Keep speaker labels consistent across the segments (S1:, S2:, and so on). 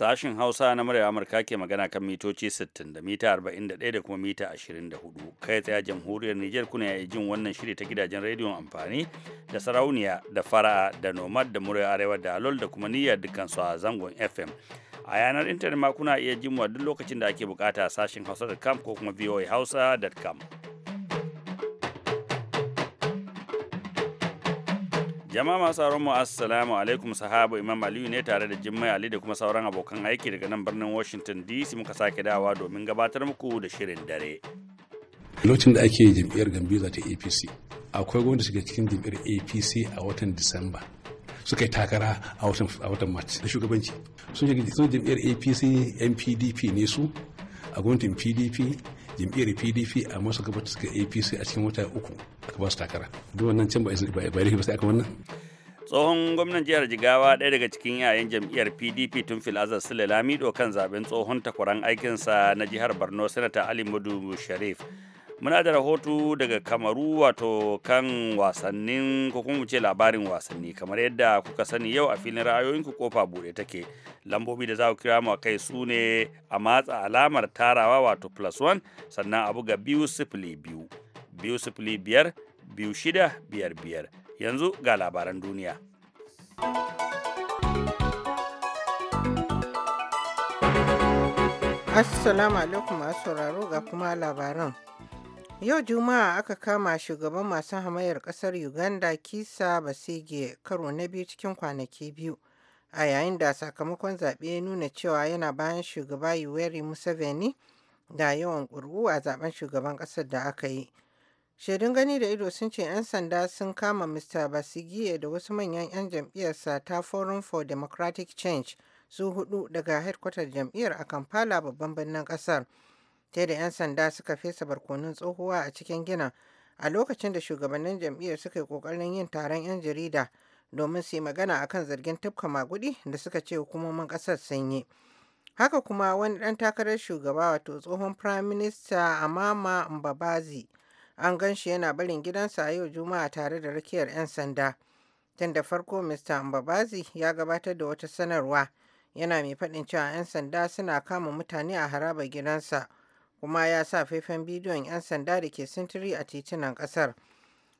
S1: Sashin Hausa na murya Amurka ke magana kan mitoci 60 da mita 41 da kuma mita 24. Kai tsaye jamhuriyar Nijar kuna ya jin wannan shiri ta gidajen rediyon amfani da sarauniya da fara'a da nomad da murya arewa da alol da kuma niyyar su a zangon FM. A yanar intanet ma kuna iya jin duk lokacin da ake bukata sashin hausa.com ko kuma voahausa.com. Jama'a masu sauran mu assalamu alaikum sahabu Imam Aliyu ne tare da Jimmai Ali da kuma sauran abokan aiki daga nan birnin Washington DC muka sake dawa domin gabatar muku da shirin dare.
S2: Lokacin da ake jam'iyyar Gambiza ta APC, akwai gwamnati shiga cikin jam'iyyar APC a watan Disamba. suka yi takara a watan March da shugabanci. Sun jam'iyyar APC NPDP ne su a gwamnatin PDP jam'iyyar pdp a masu gabatar suka apc a cikin wata uku aka ba su takara duk wannan can ba ba ba sai aka wannan
S1: tsohon gwamnan jihar jigawa ɗaya daga cikin yayan jam'iyyar pdp tun filazar sule lamido kan zaben tsohon takwaran aikinsa na jihar borno senator ali mudu sharif muna da rahoto daga kamaru wato kan wasannin ko kuma ce labarin wasanni kamar yadda kuka sani yau a filin ra'ayoyin ku kofa buɗe take lambobi da za ku kira mu kai su ne a matsa alamar tarawa wato plus one sannan abu ga biyu sifili biyu biyu sifili biyar biyu shida biyar biyar yanzu ga labaran duniya
S3: assalamu alaikum masu sauraro ga kuma labaran Yau Juma'a aka kama shugaban masu hamayar ƙasar Uganda Kisa Basige karo na biyu cikin kwanaki biyu a yayin da sakamakon zaɓe ya nuna cewa yana bayan shugaba Yoweri Museveni da yawan ƙuri'u a zaben shugaban ƙasar da aka yi. Shaidun gani da ido sun ce 'yan sanda sun kama Mr. Basigiye da wasu manyan 'yan jam'iyyarsa ta Forum for Democratic Change su hudu daga headquarter jam'iyyar a Kampala babban birnin ƙasar. sai da 'yan sanda suka fesa barkonun tsohuwa a cikin gina a lokacin da shugabannin jam'iyyar suka yi kokarin yin taron 'yan jarida domin su yi magana kan zargin tafka magudi da suka ce hukumomin kasar sun yi haka kuma wani dan takarar shugaba wato tsohon prime minister amama mbabazi an gan shi yana barin gidansa a yau juma'a tare da rakiyar 'yan sanda tun da farko mr mbabazi ya gabatar da wata sanarwa yana mai faɗin cewa 'yan sanda suna kama mutane a harabar gidansa kuma ya sa faifan bidiyon 'yan sanda da ke sintiri a titunan kasar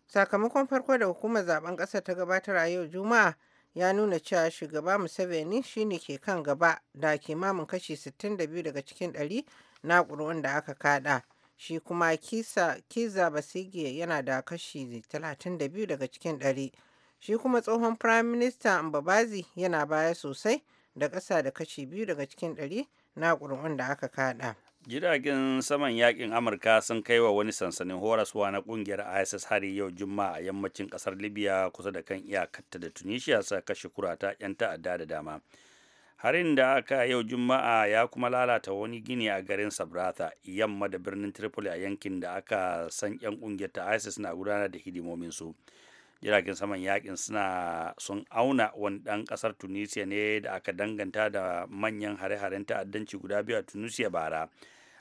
S3: sakamakon farko da hukumar zaben kasar ta gabatar a yau juma'a ya nuna cewa shugaba museveni shine ke kan gaba da kimamin kashi 62 daga cikin 100 na da aka kada shi kuma kisa kiza basige yana da kashi 32 daga cikin 100 shi kuma tsohon prime minister mbabazi yana baya sosai da ƙasa da kashi 2 daga cikin 100 na ƙuri'un da aka kada
S1: Jiragen saman yakin Amurka sun kai wa wani sansanin horaswa na kungiyar ISIS hari yau Juma'a a yammacin kasar Libya kusa da kan iyakarta da Tunisia sa kashe kurata 'yan ta'adda da dama. Harin da aka yau Juma'a ya kuma lalata wani gini a garin Sabratha yamma da birnin Tripoli a yankin da aka san 'yan kungiyar ta ISIS na gudanar da hidimominsu. su. jiragen saman yakin suna sun auna wani dan kasar tunisia ne da aka danganta da manyan hare-haren ta'addanci guda biyu a tunisia bara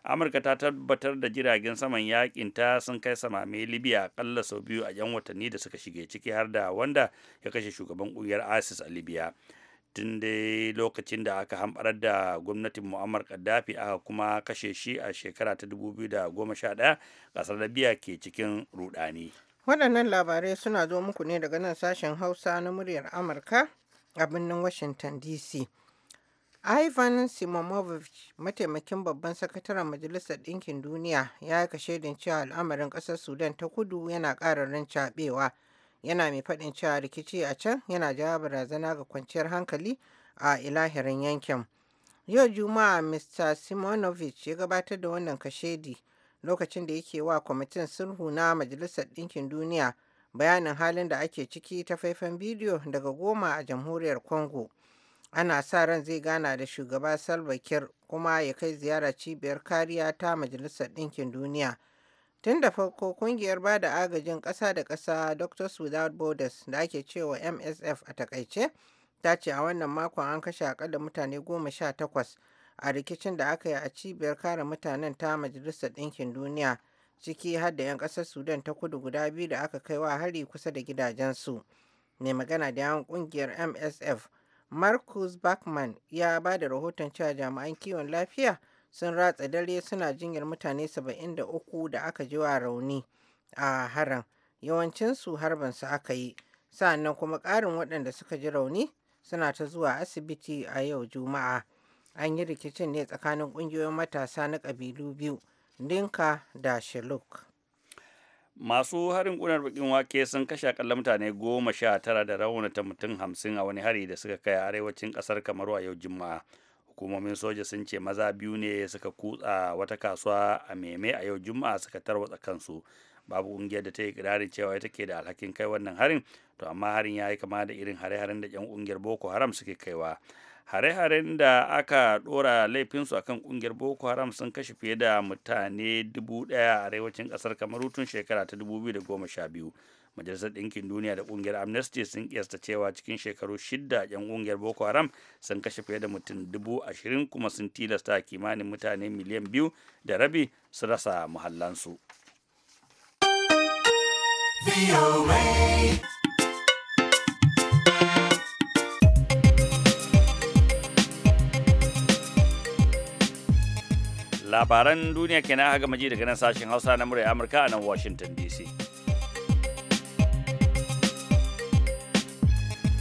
S1: amurka ta tabbatar da jiragen saman yakin ta sun kai samame libya akalla sau biyu a yan watanni da suka shige ciki har da wanda ya kashe shugaban ƙungiyar isis a libya tun dai lokacin da aka hamɓarar da gwamnatin mu'ammar kaddafi aka kuma kashe shi a shekara ta 2011 ƙasar libya ke cikin rudani
S3: Waɗannan labarai suna zo muku ne daga nan sashen Hausa na muryar Amurka a birnin Washington DC. Ivan Simonovic, mataimakin babban sakataren Majalisar Ɗinkin Duniya, ya aika shaidin cewa al'amarin ƙasar Sudan ta kudu yana ƙara rancaɓewa. Yana mai faɗin cewa rikici a can yana jawo barazana ga kwanciyar hankali a ilahirin yankin. Yau Juma'a Mr. Simonovic ya gabatar da wannan kashedi lokacin da yake wa kwamitin sulhu na majalisar ɗinkin duniya bayanin halin da ake ciki ta faifan bidiyo daga goma a jamhuriyar congo ana sa ran zai gana da shugaba salva kiir kuma ya kai ziyara cibiyar kariya ta majalisar ɗinkin duniya tun da farko kungiyar ba da agajin ƙasa da ƙasa doctors without borders da ake cewa msf a takaice ta ce a wannan makon an kashe akalla mutane goma sha takwas a rikicin da aka yi a cibiyar kare mutanen ta majalisar ɗinkin duniya ciki har da 'yan ƙasar sudan ta kudu guda biyu da aka kai wa hari kusa da gidajensu mai magana da yawon ƙungiyar msf marcus Bachmann, ya ba da rahoton cewa jami'an kiwon lafiya sun ratsa dare suna jinyar mutane 73 da aka ji wa rauni a harin, yawancinsu harban su aka yi sa'annan kuma ƙarin waɗanda suka ji rauni suna ta zuwa asibiti a yau juma'a. an yi rikicin ne tsakanin ƙungiyoyin matasa na ƙabilu biyu dinka da shiluk
S1: masu harin kunar bakin wake sun kashe akalla mutane goma sha tara da raunata mutum hamsin a wani hari da suka kai a arewacin kasar kamaru a yau juma'a hukumomin soja sun ce maza biyu ne suka kutsa wata kasuwa a meme a yau juma'a suka tarwatsa kansu babu kungiyar da ta yi kirarin cewa ita ke da alhakin kai wannan harin to amma harin ya yi kama da irin hare-haren da yan kungiyar boko haram suke kaiwa hare-haren da aka ɗora laifinsu a kan ƙungiyar boko haram sun kashe fiye da mutane dubu ɗaya a arewacin ƙasar kamaru tun shekara ta 2012 majalisar ɗinkin duniya da ƙungiyar amnesty sun kiyasta cewa cikin shekaru shida yan ƙungiyar boko haram sun kashe fiye da mutum dubu ashirin kuma sun tilasta kimanin mutane miliyan biyu da rabi su rasa muhallansu. labaran duniya kenan a maji daga nan sashen hausa na murya amurka a nan washington dc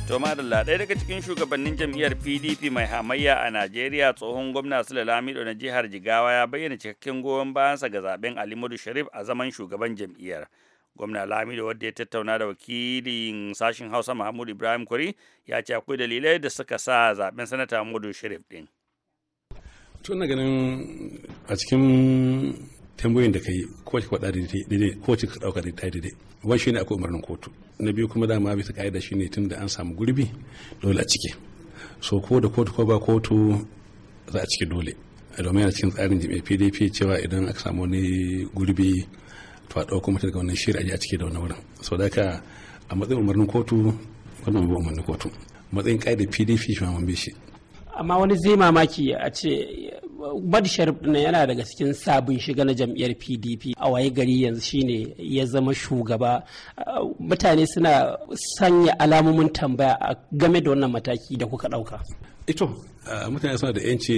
S1: to madalla ɗaya daga cikin shugabannin jam'iyyar pdp mai hamayya a najeriya tsohon gwamna sule lamido na jihar jigawa ya bayyana cikakken goyon bayansa ga zaben alimudu sharif a zaman shugaban jam'iyyar gwamna lamido wadda ya tattauna da wakilin sashen hausa mahmud ibrahim kuri ya ce akwai dalilai da suka sa zaben sanata mudu sharif din
S2: tun na ganin a cikin tambayoyin da ka yi kowace kwaɗa daidai kowace ka ɗauka daidai daidai wani shi ne akwai umarnin kotu na biyu kuma dama bisa ka'ida shi ne tun da an samu gurbi dole a cike so ko da kotu ko ba kotu za a cike dole domin yana cikin tsarin jami'ai pdp cewa idan aka samu wani gurbi to a ɗauko mutum daga wannan shirya a a cike da wani wurin so da ka a matsayin umarnin kotu wannan ba umarnin kotu matsayin ka'ida pdp shi ma mun bi shi
S4: amma wani zai mamaki a ce Mad Sharif na yana daga cikin sabon shiga na jam'iyyar PDP a waye gari yanzu shine ya zama shugaba mutane suna sanya alamomin tambaya a game da wannan mataki da kuka dauka
S2: ito mutane suna da yanci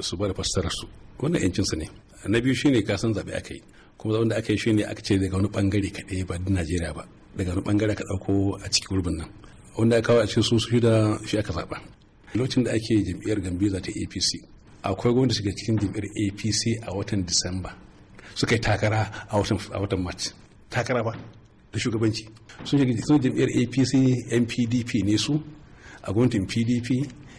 S2: su bada fassarar su wannan yancinsu ne na biyu shine kasan zabe aka yi kuma zaben da aka yi shine aka ce daga wani bangare kaɗai ba da Najeriya ba daga wani bangare ka dauko a cikin gurbin nan wanda aka kawo a cikin su shida shi aka zaba lokacin da ake jam'iyyar gambiza ta apc akwai gwamnati shiga cikin jam'iyyar apc a watan disamba suka yi takara a watan march takara ba da shugabanci sun shiga cikin jam'iyyar apc npdp ne su a gwamnatin pdp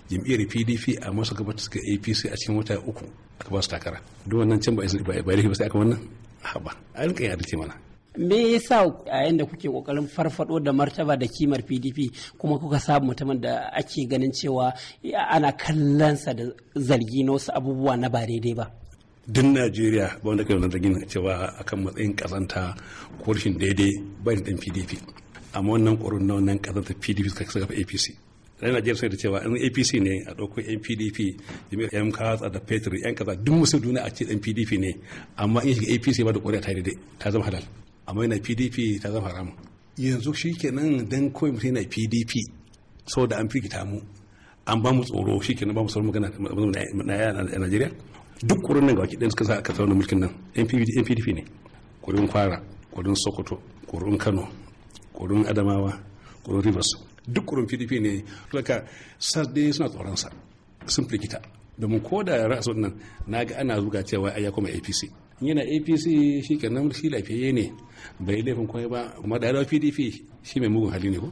S2: jam'iyyar pdp a masu gabata suka apc a cikin wata uku aka ba su takara duk wannan can ba yi ba sai aka wannan haba a rinka yin adalci mana
S4: me yasa a yanda kuke kokarin farfado da martaba da kimar PDP kuma kuka samu mutumin da ake ganin cewa ana sa da zargi na wasu abubuwa na ba daidai ba
S2: din najeriya ba wanda kai wannan zargin cewa akan matsayin kazanta ko rashin daidai ba da dan pdp amma wannan ƙorin na wannan kazanta pdp suka saka apc dan najeriya sai da cewa in apc ne a ɗauko yan pdp jami'ar yan katsa da petro yan kaza duk musu duniya a ce dan pdp ne amma in shiga apc ba da ƙuri'a ta daidai ta zama halal amma yana pdp ta zama haramun yanzu shi kenan dan kawai mutum yana pdp da an firgita mu an ba mu tsoro shi kenan ba mu tsoro magana na yaya a najeriya duk kurin nan gawaki ɗin suka sa aka tsaro mulkin nan npdp ne kurin kwara kurin sokoto kurin kano kurin adamawa kurin rivers duk kurin pdp ne daga sas dai suna tsoronsa sun firgita domin ko da ra'asun nan na ga ana zuga cewa ai ya kuma apc yana apc shi ke nan shi lafiyayye ne bai laifin kwaya ba kuma da yarawa pdp shi mai mugun hali ne ko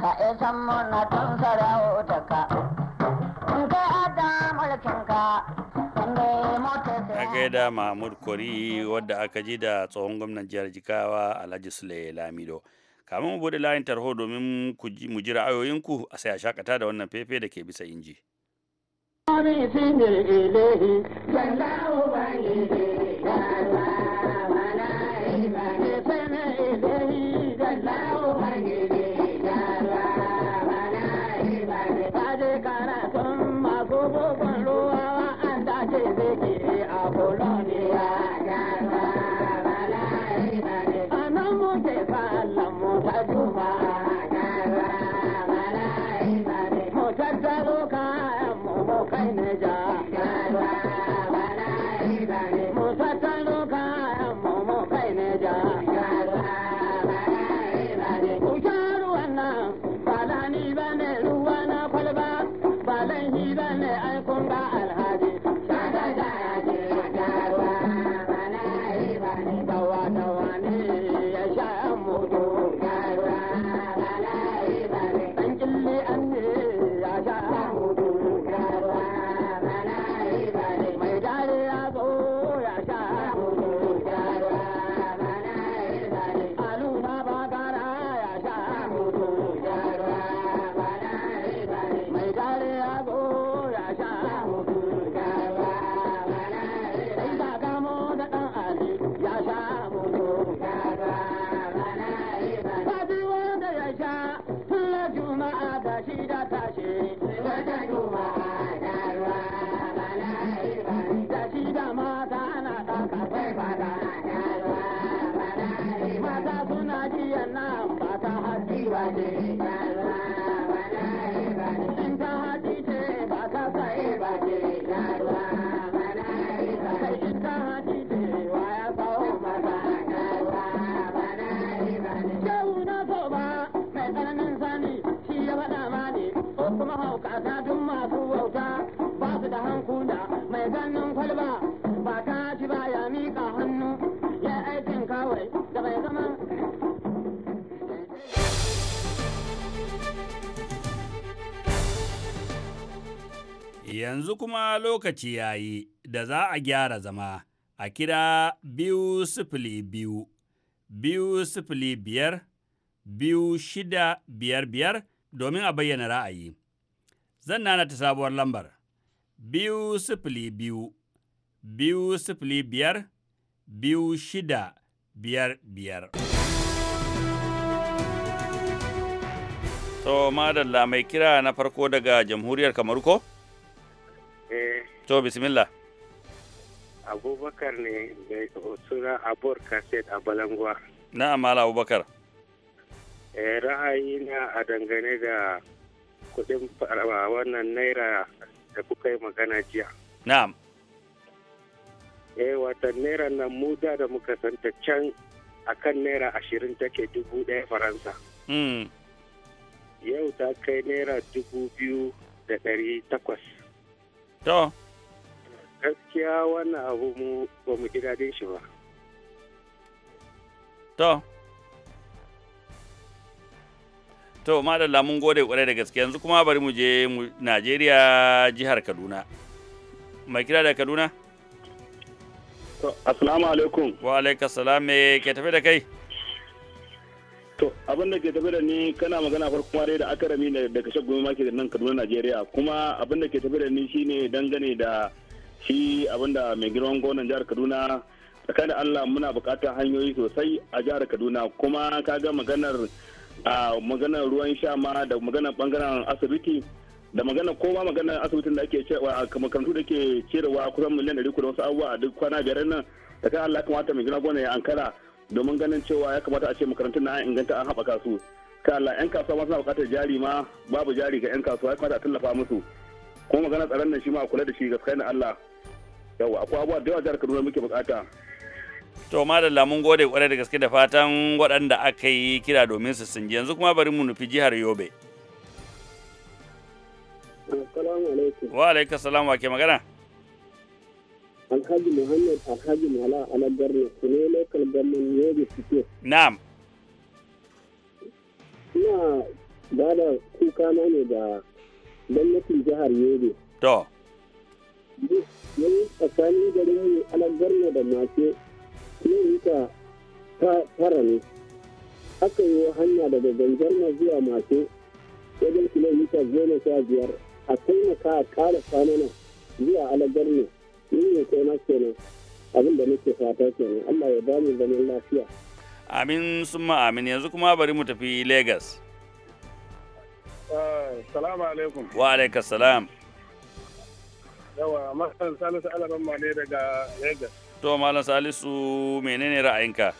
S5: ka isan muna tun sarautaka in ka ada mulkinka a
S1: gaida mahmud kori wadda aka ji da tsohon gwamnan jihar jikawa alhaji sule lamido kamin mu bude layin tarho domin mu ji ra'ayoyinku a sai a shakata da wannan fefe da ke bisa inji.
S6: I'm Sen
S2: la o vali de.
S5: mata suna jiya na ba ta hajji ba
S1: yanzu kuma lokaci ya yi da za a gyara zama a kira biyu sifili biyu, biyu sifili biyar, biyu shida biyar biyar domin a bayyana ra'ayi. Zan nana ta sabuwar lambar, biyu sifili biyu, biyu sifili biyar, biyu shida biyar biyar. To, madalla mai kira na farko daga jamhuriyar Kamaru ko? Eh, to bismillah
S5: abubakar ne mai suna abur kaset a balangwa
S1: na amala abubakar
S5: eh, ra'ayi na a dangane da kudin wannan naira da kuka yi magana jiya na'am eh watan naira nan muda da muka santa can akan naira ashirin take dubu ɗaya faransa hmm. yau ta kai naira dubu biyu da ɗari takwas To. Gaskiya wannan abu mu ba mu ji daɗin shi ba.
S1: To. To, madalla mun gode kwarai da gaske yanzu kuma bari mu je Najeriya jihar Kaduna. Mai kira da Kaduna? Assalamu alaikum. Wa alaikassalam me ke tafi da kai?
S7: To abin da ke tafi da ni kana magana farko dai da akarami ne daga shagun maki da nan Kaduna Najeriya kuma abin da ke tafi da ni shine dangane da shi abin da mai girman gonan jihar Kaduna tsakanin Allah muna bukatar hanyoyi sosai a jihar Kaduna kuma kaga maganar maganar ruwan sha ma da maganar bangaren asibiti da maganar kowa maganar asibitin da ake cewa makarantu da ke cirewa kusan miliyan 300 da wasu abubuwa a duk kwana biyar nan tsakanin Allah kamata mai girman gwamnan ya ankara domin ganin cewa ya kamata a ce makarantun na an inganta an haɓaka su ka Allah yan kasuwa ma suna buƙatar jari ma babu jari ga yan kasuwa ya kamata a tallafa musu kuma magana tsaron nan shi ma a kula da shi gaskiya na Allah yawa akwai abubuwa da yawa jihar Kaduna muke buƙata
S1: To madalla mun gode kwarai da gaske da fatan waɗanda aka yi kira domin su sinji yanzu kuma bari mu nufi jihar Yobe. Wa alaika salam wa ke magana?
S5: Alhaji Muhammad Alhaji Mala Alagar ne su ne local government Yobe State. Na'am. Ina ba da kuka na ne da gwamnatin jihar Yobe. To. Yayi tsakanin garin mu Alagar da mace kilomita tara ne. Aka yi hanya daga Ganjar na zuwa mace wajen kilomita goma sha biyar a taimaka a ƙara kwanana zuwa Alagar ne. ni ne kaina kenan abin da nake fata kenan Allah ya bani zaman lafiya
S1: amin summa amin yanzu kuma bari mu tafi Lagos
S7: eh, salamu alaikum
S1: wa alaikas salam
S7: yawa malam salisu alaramma ne daga Lagos
S1: to malam salisu menene ra'ayinka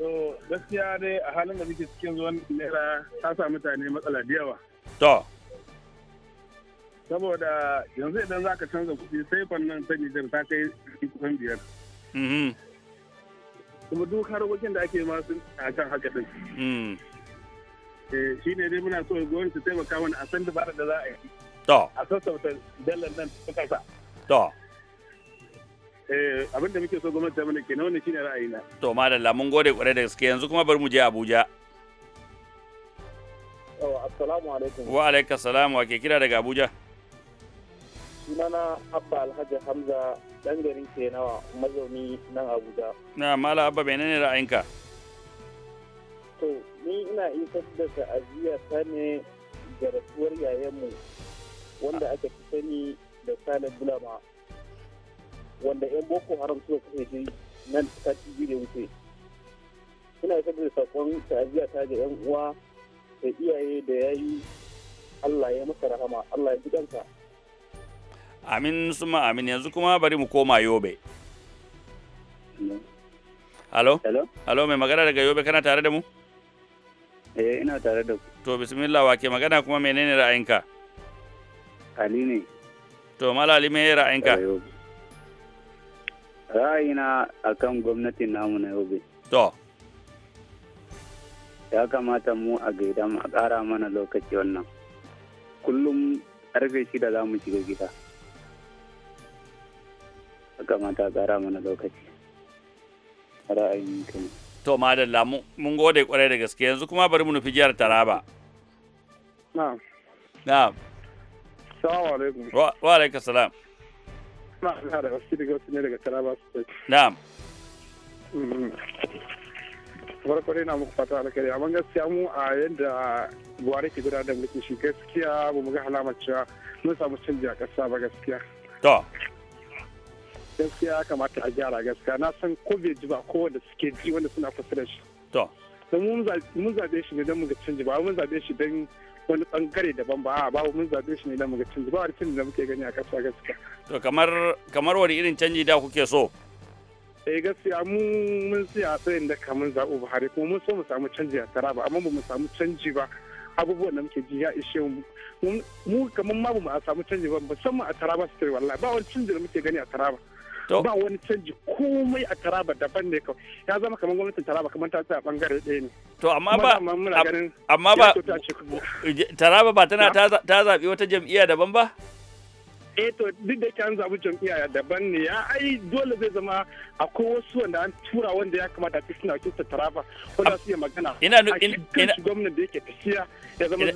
S7: to gaskiya dai a halin da muke cikin zuwan naira ta sa mutane matsala da yawa to saboda yanzu idan za ka canza kuɗi sai fannin ta Nijar ta kai kusan biyar. Mm-hmm. Kuma duk harkokin da ake ma sun a kan haka ɗin. Mm-hmm. Eh, shi ne dai muna so goyon su taimaka mana a san dabarar da za a yi. A sassauta dalar nan ta kasa. To. Eh, abin da muke so gwamnati ta mana ke na wani shi ne ra'ayina.
S1: To madalla mun gode kwarai da gaske yanzu kuma bari mu je Abuja. Wa alaikas salam wa ke kira daga Abuja.
S5: sunana abba alhaji hamza dan garin kenawa mazauni nan abuja
S1: na mala abba ne ra'ayinka
S5: to ni ina isar da ta'aziyya ta ne ga rasuwar yayanmu wanda aka fi sani da sale bulama wanda yan boko haram suka kashe shi nan ci biyu da wuce ina isar da sakon ta'aziyya ta ga yan uwa da iyaye da yayi Allah ya masa rahama Allah ya ji danka
S1: amin suma amin yanzu kuma bari mu koma yobe halo halo mai magana daga yobe kana tare da mu eh ina tare da ku to bismillah wa ke magana kuma menene ra'ayinka ali ne to mala ali me ra'ayinka
S5: ra'ayina akan gwamnatin namu na yobe to ya kamata mu a gaida mu a kara mana lokaci wannan kullum karfe shida za mu shiga gida kamata tsara mana lokaci
S1: ra'ayin kai to madalla mun gode kwarai da gaske yanzu kuma bari mu nufi jihar taraba na'am na'am salamu alaikum wa alaikum salam
S7: na ina
S1: na'am mm-hmm.
S7: farko dai na muku fata alkari amma gaskiya mu a yadda buhari ke gudanar da mulki shi gaskiya ba mu ga alamar cewa mun samu canji a ƙasa ba gaskiya to gaskiya kamata a gyara gaskiya na san ko bai ji ba ko wanda suke ji wanda suna kusa da shi to mun zaɓe shi ne don muga canji ba mun zaɓe shi don wani ɓangare daban ba a ba mun zaɓe shi ne don muga canji ba a canji da muke gani a ƙasa gaskiya
S1: to kamar kamar wani irin canji da kuke so eh gaskiya mu mun
S7: tsaya tsayin da kamun zaɓo Buhari kuma mun so mu samu canji a Taraba amma ba mu samu canji ba abubuwan da muke ji ya ishe mu mu kamar ma ba mu samu canji ba musamman a Taraba su wallahi ba wani canji da muke gani a Taraba ba wani canji komai a taraba daban ne kawai ya
S1: zama kamar gwamnatin taraba kamar ta tsaya bangare ɗaya ne to amma ba amma ba taraba ba tana ta zaɓi wata jam'iyya daban ba eh to duk da yake
S7: an jam'iyya daban ne ya ai dole zai zama akwai wasu wanda an tura wanda ya kamata su suna kinsa taraba wanda su yi magana ina ina gwamnati da yake tafiya ya zama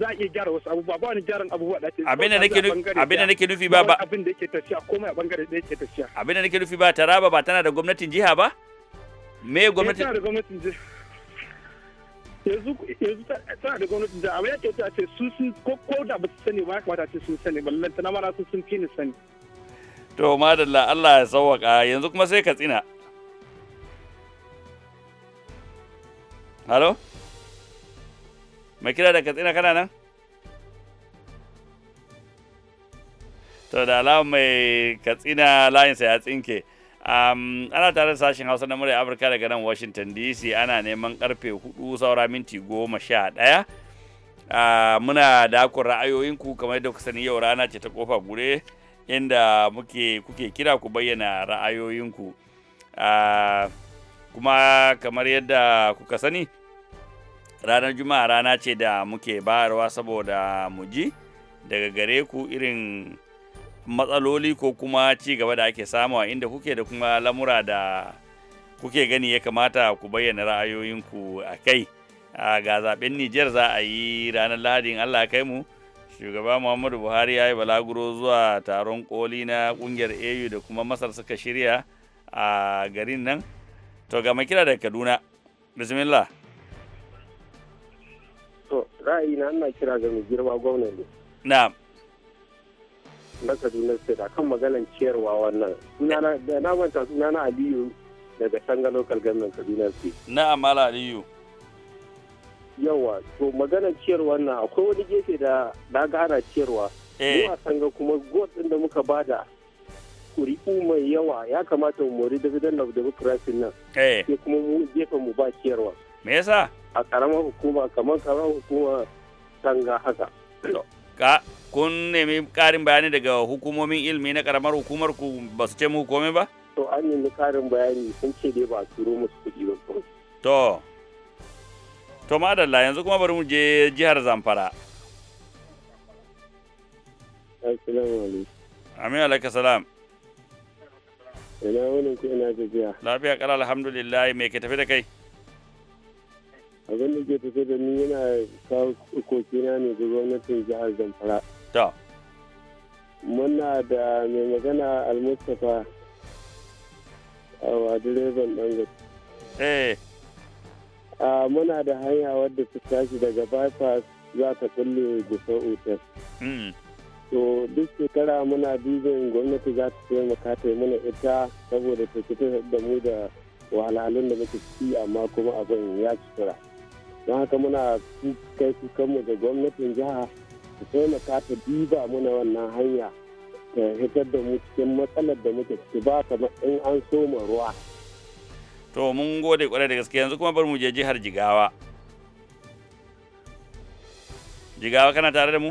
S7: za iya gyara wasu abubuwa ba wani gyaran abubuwa da ake abin da nake abin da nake nufi ba ba abin da
S1: yake tafiya komai a bangare da yake tafiya abin da nake nufi ba taraba ba tana da gwamnatin jiha ba me gwamnatin eh, jiha yanzu yanzu tana da
S7: gwamnati da abin ya kyauta ce su sun ko da ba su sani ba ya kamata ce sun sani ba lallanta na mara su sun fi ni sani.
S1: to madalla Allah ya sauwaka yanzu kuma sai ka tsina. halo mai kira da katsina kana nan to da alama mai katsina layinsa ya tsinke Um, ana tare da sashen Hausa na murya Amurka daga nan Washington DC ana neman karfe 4 saura minti goma 11. Uh, muna da ku ra'ayoyinku kamar yadda ku sani yau rana ce ta kofa gure inda muke kuke kira ku bayyana ra'ayoyinku. Uh, kuma kamar yadda kuka sani ranar juma'a rana ce da muke bayarwa saboda muji daga gare ku irin matsaloli ko kuma ci gaba da ake samu a inda kuke da kuma lamura da kuke gani ya kamata ku bayyana ra'ayoyinku a kai ga zaben Nijar za a yi ranar lahadi Allah kai mu shugaba Muhammadu Buhari ya yi balaguro zuwa taron koli na kungiyar AU da kuma Masar suka shirya a garin nan to ga kira da Kaduna bismillah
S5: to ra'ayi na ina kira ga mai girma gwamnati na'am na kaduna state akan maganan ciyarwa wannan da na manta sunana aliyu daga tanga local
S1: government kaduna state na amala aliyu yawa to maganar ciyarwa
S5: nan akwai wani gefe da na ciyarwa mu eh. tanga kuma god din da muka bada kuri'u mai yawa ya kamata mu mori da of democracy nan eh. sai kuma mu gefe mu ba ciyarwa me yasa a karamar hukuma kamar karamar hukuma tanga haka
S1: kun nemi ƙarin bayani daga hukumomin ilimi na karamar hukumar ku ba su ce mu komai ba?
S5: To an nemi ƙarin bayani sun ce dai ba turo musu kuɗi ba.
S1: To, to madalla yanzu kuma bari mu je jihar Zamfara. Amin alaikum salam. Ina wani ku ina gajiya. Lafiya kala alhamdulillah me ke tafi da kai?
S5: abin da ke tafe da ni yana kawo kokina ne ga gwamnatin jihar zamfara ta muna da mai magana almustafa a direban eh. a muna da hanya wadda su tashi daga bypass za ta kulle gusa otel hmm. to duk shekara muna dubin gwamnati za ta taimaka ta mana ita saboda ta fitar da mu da wahalhalun da muka ciki amma kuma abin ya ci don haka muna kai su kanmu da gwamnatin jiha su taimaka ta diba muna wannan hanya ta hitar da mu cikin matsalar da muke ciki ba kamar in an so ma ruwa
S1: to mun gode kwarai da gaske yanzu kuma bar mu je jihar jigawa jigawa kana tare da mu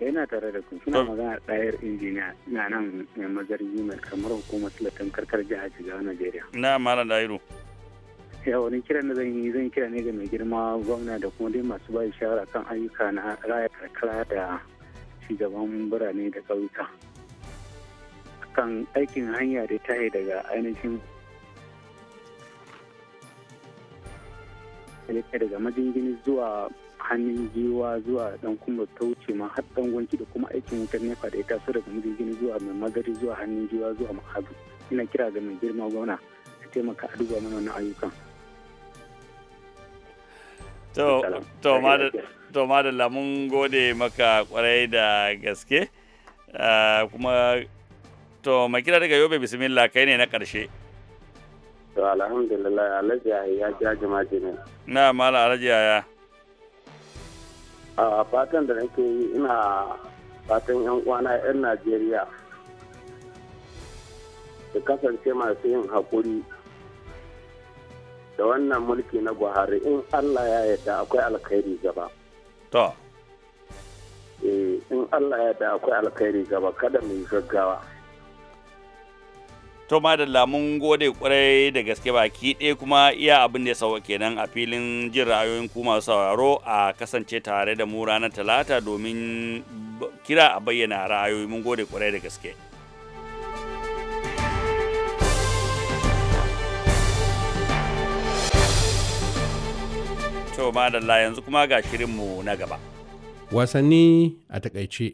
S5: yana eh, tare da kun suna magana ɗayar injiniya na nan eh, mai mazarji mai kamar hukumar talatin karkar jihar jigawa najeriya
S1: na malam dairu
S5: ya wani kiran na zan yi zan kira ne ga mai girma gwamna da kuma dai masu ba shawara kan ayyuka na raya karkara da shugaban birane da ƙauyuka kan aikin hanya da ta daga ainihin daga majingini zuwa hannun jiwa zuwa dan kuma ta wuce ma har dan gwanci da kuma aikin wutar nefa da ya taso daga majingini zuwa mai magari zuwa hannun jiwa zuwa mahazu ina kira ga mai girma gwamna a taimaka a duba mana
S1: wannan ayyukan to to to madalla mun gode maka kwarai da gaske ah, kuma to mai kira daga yobe bismillah kai ne na ƙarshe.
S5: to alhamdulillah alhaji ya ja jima'i ne
S1: na mala alhaji ya a
S5: ah, fatan da nake yi ina fatan yan kwana yan najeriya su kasance masu yin haƙuri da wannan mulki na buhari in allah ya yarda akwai alkhairi gaba to eh, in allah ya yarda akwai alkhairi gaba kada mu yi gaggawa
S1: to madalla mun gode kwarai da gaske baki ɗaya kuma iya abin da ya sauwa kenan a filin jin ra'ayoyin ku masu sauraro a kasance tare da mu ranar talata domin kira a bayyana ra'ayoyin mun gode kwarai da gaske. To madalla yanzu kuma ga shirinmu na
S6: gaba. Wasanni a takaice.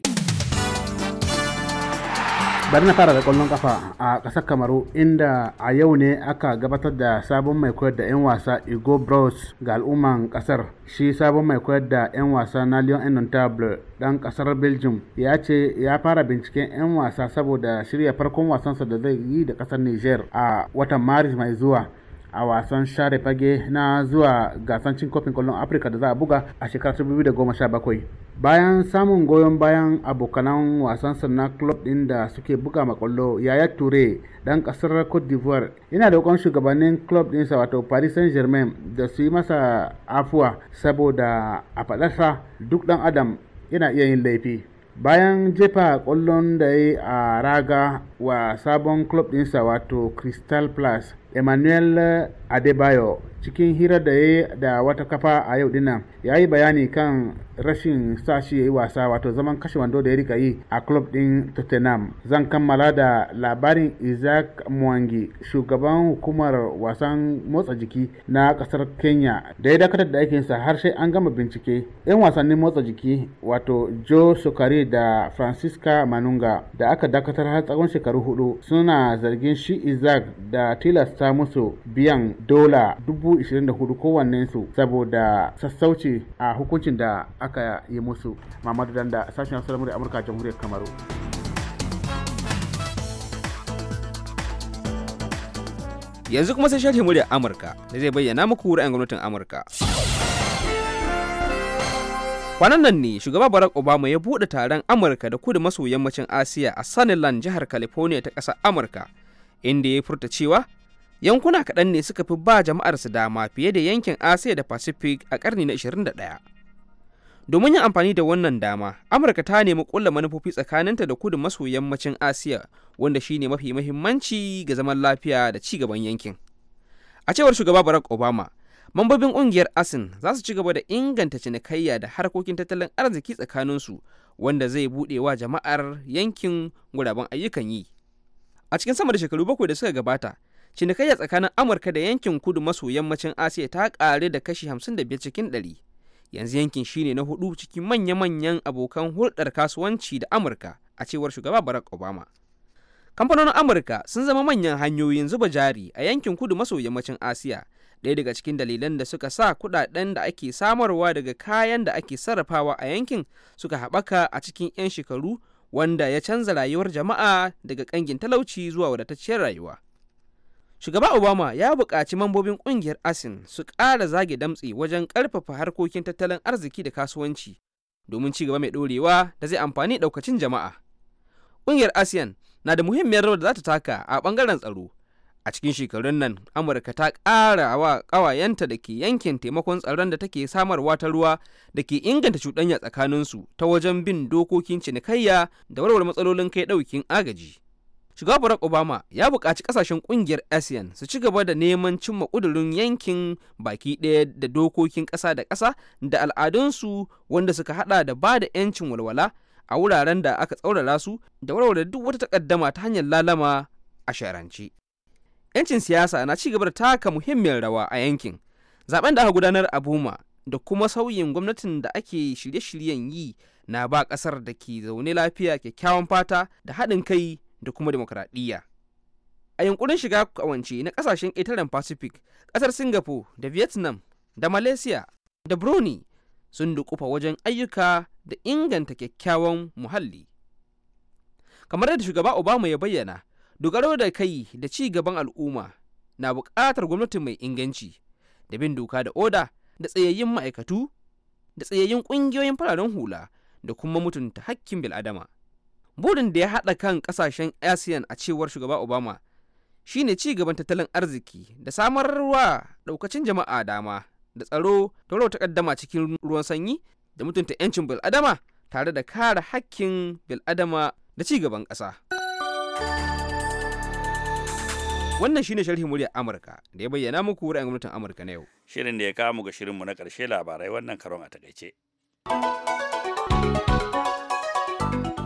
S6: bari na fara da kwallon kafa a ƙasar kamaru inda a yau ne aka gabatar da sabon mai koyar da 'yan wasa Igbo bros ga al'umman ƙasar shi sabon mai koyar da 'yan wasa na lyon indomitable dan ƙasar belgium ya ce ya fara binciken 'yan wasa saboda shirya farkon wasansa da zai yi da ƙasar niger a watan maris mai zuwa a wasan share fage na zuwa gasan cin kofin kwallon afirka da za a buga a shekarar 2017 bayan samun goyon bayan abokanan wasan na club din da suke buga ma kwallo, yaya ture dan kasar cote d'ivoire yana da kwan shugabannin club sa wato paris saint germain da su yi masa afuwa saboda a fadarsa duk dan adam yana iya yin laifi bayan jefa kwallon da ya yi a raga wa sabon club ɗinsa wato crystal palace emmanuel adebayo cikin hira da ya da wata kafa a yau dinnan ya yi bayani kan rashin sashi ya yi wasa wato zaman kashe wando da ya rika yi a club din tottenham zan kammala da labarin isaac mwangi shugaban hukumar wasan motsa jiki na kasar kenya da ya dakatar da aikinsa har sai an gama bincike yan wasannin motsa jiki wato joe sukari da francisca manunga da aka dakatar har tsawon shekaru hudu suna zargin shi isaac da tilasta tilasta musu biyan dola dubu ishirin da hudu kowannensu saboda sassauci a hukuncin da aka yi musu mamadu danda sashen salamu da amurka jamhuriyar kamaru
S4: yanzu kuma sai shafi muryar amurka da zai bayyana muku ra'ayin gwamnatin amurka kwanan nan ne shugaba barack obama ya buɗe taron amurka da kudu maso yammacin asiya a sunnyland jihar california ta ƙasar amurka inda ya furta cewa yankuna kaɗan ne suka fi ba jama'arsu dama fiye da yankin asiya da pacific a ƙarni na 21 domin yin amfani da wannan dama amurka ta nemi ƙulla manufofi tsakaninta da kudu maso yammacin asiya wanda shine mafi mahimmanci ga zaman lafiya da ci gaban yankin a cewar shugaba barack obama mambobin ƙungiyar asin za su ci gaba da inganta cinikayya da harkokin tattalin arziki tsakaninsu wanda zai buɗe wa jama'ar yankin guraben ayyukan yi a cikin sama da shekaru bakwai da suka gabata cinikayya tsakanin amurka da yankin kudu maso yammacin asiya ta ƙare da kashi 55 cikin 100 yanzu yankin shine na hudu cikin manya-manyan abokan hulɗar kasuwanci da amurka a cewar shugaba barack obama kamfanonin amurka sun zama manyan hanyoyin zuba jari a yankin kudu maso yammacin asiya ɗaya daga cikin dalilan da suka sa kuɗaɗen da ake samarwa daga kayan da ake sarrafawa a yankin suka haɓaka a cikin 'yan shekaru wanda ya canza rayuwar jama'a daga ƙangin talauci zuwa wadatacciyar rayuwa shugaba obama ya buƙaci mambobin ƙungiyar asin su ƙara zage damtse wajen ƙarfafa harkokin tattalin arziki da kasuwanci domin ci gaba mai ɗorewa da zai amfani ɗaukacin jama'a ƙungiyar asiyan na da muhimmiyar rawar da za ta taka a ɓangaren tsaro a cikin shekarun nan amurka ta ƙara wa ƙawayenta da ke yankin taimakon tsaron da take samarwa ta ruwa da ke inganta cuɗanya tsakaninsu ta wajen bin dokokin cinikayya da warware matsalolin kai ɗaukin agaji shugaba Barack Obama ya buƙaci ƙasashen ƙungiyar ASEAN su ci gaba da neman cimma ƙudurin yankin baki ɗaya da dokokin ƙasa da ƙasa da al'adunsu wanda suka haɗa da ba da 'yancin walwala a wuraren da aka tsaurara su da warware duk wata takaddama ta hanyar lalama a sharance. 'Yancin siyasa na ci gaba da taka muhimmiyar rawa a yankin. Zaben da aka gudanar a Buma da kuma sauyin gwamnatin da ake shirye-shiryen yi na ba ƙasar da ke zaune lafiya kyakkyawan fata da haɗin kai da kuma demokradiyya a yunkurin shiga kawance na kasashen ƙetaren pacific ƙasar singapore da vietnam da malaysia da brunei sun dukufa wajen ayyuka da inganta kyakkyawan muhalli kamar da shugaba obama ya bayyana dogaro da kai da ci gaban al'umma na buƙatar gwamnati mai inganci da bin doka da oda da tsayayyun ma'aikatu da tsayayyun ƙungiyoyin fararen hula da kuma mutunta hakkin bil'adama burin da ya haɗa kan ƙasashen asiyan a cewar shugaba obama shine ci gaban tattalin arziki da samarwa ɗaukacin jama'a dama da tsaro ta ta kaddama cikin ruwan sanyi da mutunta 'yancin bil'adama tare da kare hakkin bil'adama da ci gaban ƙasa wannan shine sharhin muryar amurka da ya bayyana muku ra'ayin gwamnatin amurka na
S1: yau shirin da ya kawo mu ga shirinmu na ƙarshe labarai wannan karon a takaice.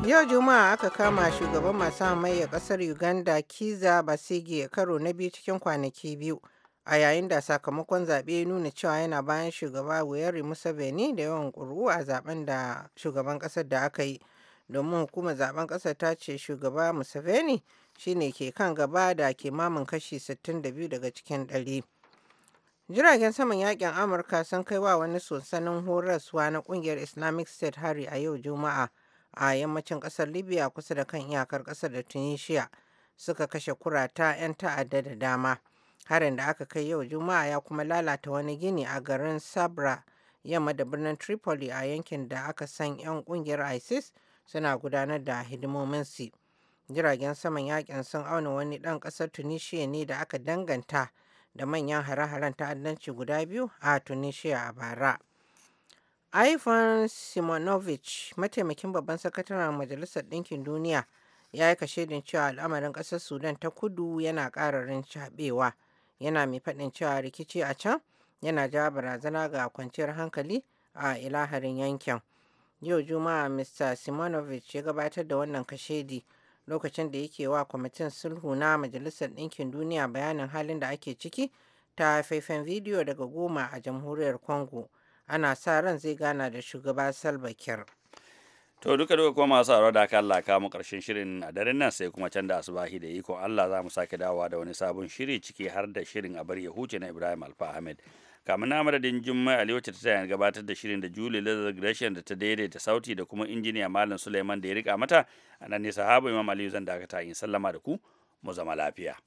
S3: Yau Juma'a aka kama shugaban masu hamayya kasar Uganda Kiza Basige karo na biyu cikin kwanaki biyu a yayin da sakamakon zaɓe ya nuna cewa yana bayan shugaba Yoweri Museveni da yawan ƙuru a zaben da shugaban ƙasar da aka yi. Domin hukumar zaben ƙasar ta ce shugaba Museveni shine ke kan gaba da kimamin kashi 62 daga cikin ɗari. Jiragen saman yakin Amurka sun kai wa wani sansanin horaswa na ƙungiyar Islamic State hari a yau Juma'a. a yammacin ƙasar libya kusa da kan iyakar ƙasar da tunisia suka kashe kurata 'yan ta'adda da dama harin da aka kai yau juma'a ya kuma lalata wani gini a garin sabra yamma da birnin tripoli a yankin da aka san 'yan kungiyar isis suna gudanar da hidimomin hidimominsu jiragen saman yakin sun auna wani ɗan ƙasar tunisia ne da aka danganta da manyan hare-haren ta'addanci guda biyu a tunisia a bara Ivan Simonovich, mataimakin babban sakataren Majalisar Ɗinkin Duniya, ya yi shaidin cewa al'amarin ƙasar Sudan ta kudu yana ƙararin caɓewa. Yana mai faɗin cewa rikici a can yana ja barazana ga kwanciyar hankali a ilaharin yankin. Yau Juma'a Mr. Simonovich ya gabatar da wannan kashedi lokacin da yake wa kwamitin sulhu na Majalisar Ɗinkin Duniya bayanin halin da ake ciki ta faifan bidiyo daga goma a jamhuriyar Congo. ana sa ran zai gana da shugaba salva kiir
S1: to duka duka kuma masu aro da aka Allah mu karshen shirin a daren nan sai kuma canza da asubahi da iko Allah za mu sake dawowa da wani sabon shiri ciki har da shirin a bari ya huce na Ibrahim Alfa Ahmed kamin na madadin Jummai aliyu ta tayar gabatar da shirin da Julie Lazar Gresham da ta daidaita sauti da kuma injiniya Malam Suleiman da ya rika mata a nan ne sahaba Imam Aliyu zan dakata in sallama da ku mu zama lafiya